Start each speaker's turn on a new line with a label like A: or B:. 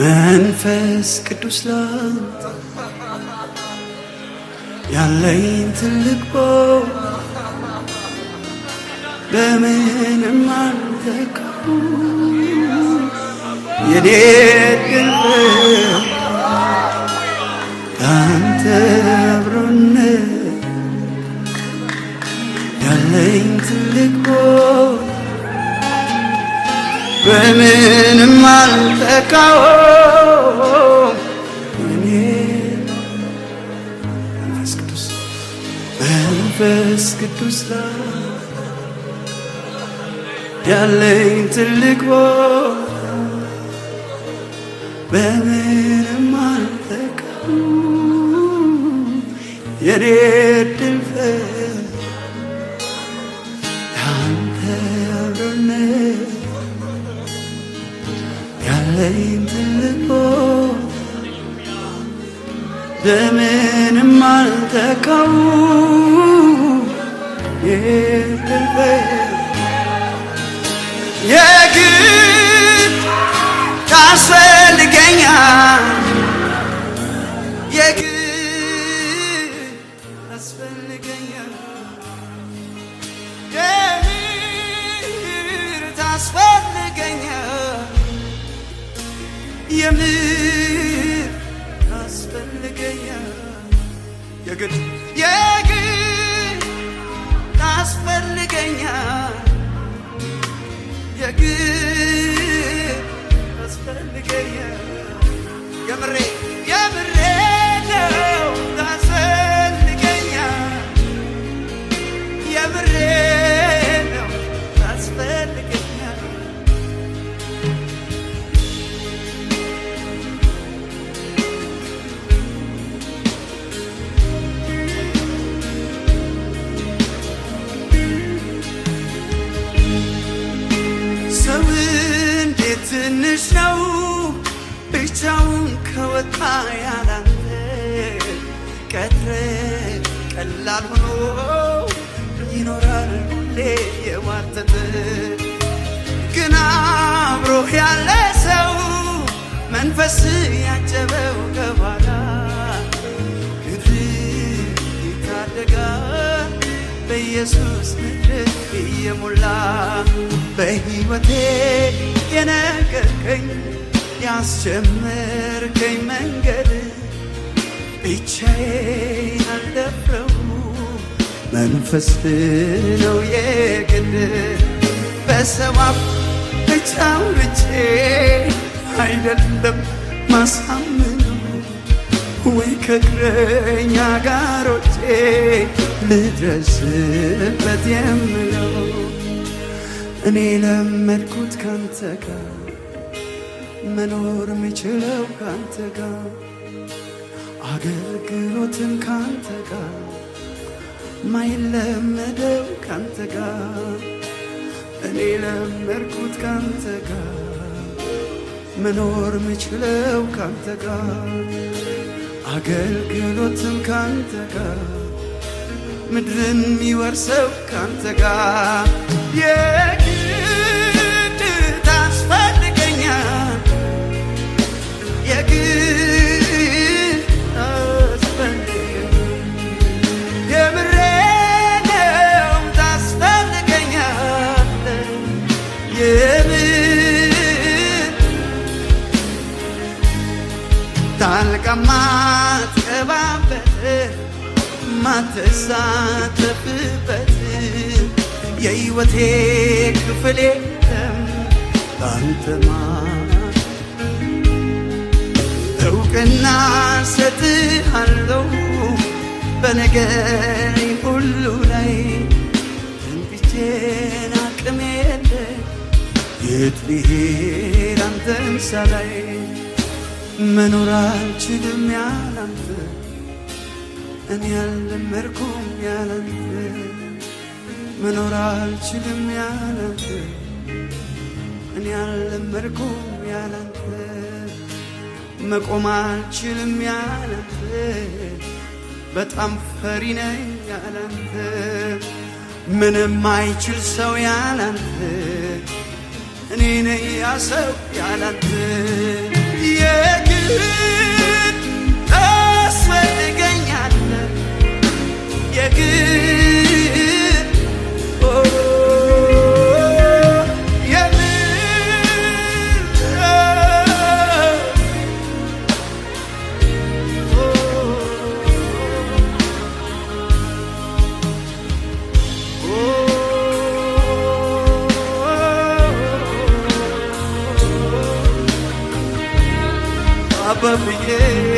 A: መንፈስ ቅዱስ ላንተ ያለኝ ትልቅ ቦታ በምንም አልተካም የኔ ግልፍ ያንተ ያለኝ ትልቅ በምን አልተካኸውም። እኔ መንፈስ ቅዱስ መንፈስ ቅዱስ ያለኝ ትልቅ ቦታ በምንም አልተካኸውም የኔ ለይም ትልቆ ለምንም አልተካው የግድ ታስፈልገኛል የግድ የምር ታስፈልገኛል የግድ የግድ ታስፈልገኛል የግድ ታስፈልገኛል ትንሽ ነው ብቻውን ከወጣ ያላንተ ቀትር ቀላል ሆኖ ይኖራል ሁሌ የማተት ግን አብሮህ ያለ ሰው መንፈስ ያጀበው ከኋላ ግድ ይታደጋል በኢየሱስ ምድር እየሞላ በሕይወቴ የነገርከኝ ያስጀመርከኝ መንገድ ብቻዬን አልደፍረው መንፈስ ነው የግድ በሰባብ ብቻ አውርቼ አይደለም ማሳምኑ ወይ ከእግረኛ ጋሮቼ ልድረስበት የምል እኔ ለመድኩት ካንተ ጋር መኖር የምችለው ካንተ ጋር አገልግሎትን ካንተ ጋር ማይለመደው ካንተ ጋር እኔ ለመድኩት ካንተ ጋር መኖር የምችለው ካንተ ጋር አገልግሎትም ካንተ ጋር ምድርን የሚወርሰው ካንተ ጋር ማተሳተፍበት የሕይወቴ ክፍሌ ላንተማ እውቅና ሰጥሃለው በነገር ሁሉ ላይ ትንቢቼን አቅሜ የለ የት ልሄድ አንተን ሳላይ መኖር አልችልም ያላንተ እኔ ያልለመድኩም ያላንተ መኖር አልችልም ያላንተ እኔ ያልለመድኩም ያላንተ መቆም አልችልም ያላንተ በጣም ፈሪ ነኝ ያላንተ ምንም አይችል ሰው ያላንተ እኔ ነኝ ያ ሰው ያላንተ up, yeah.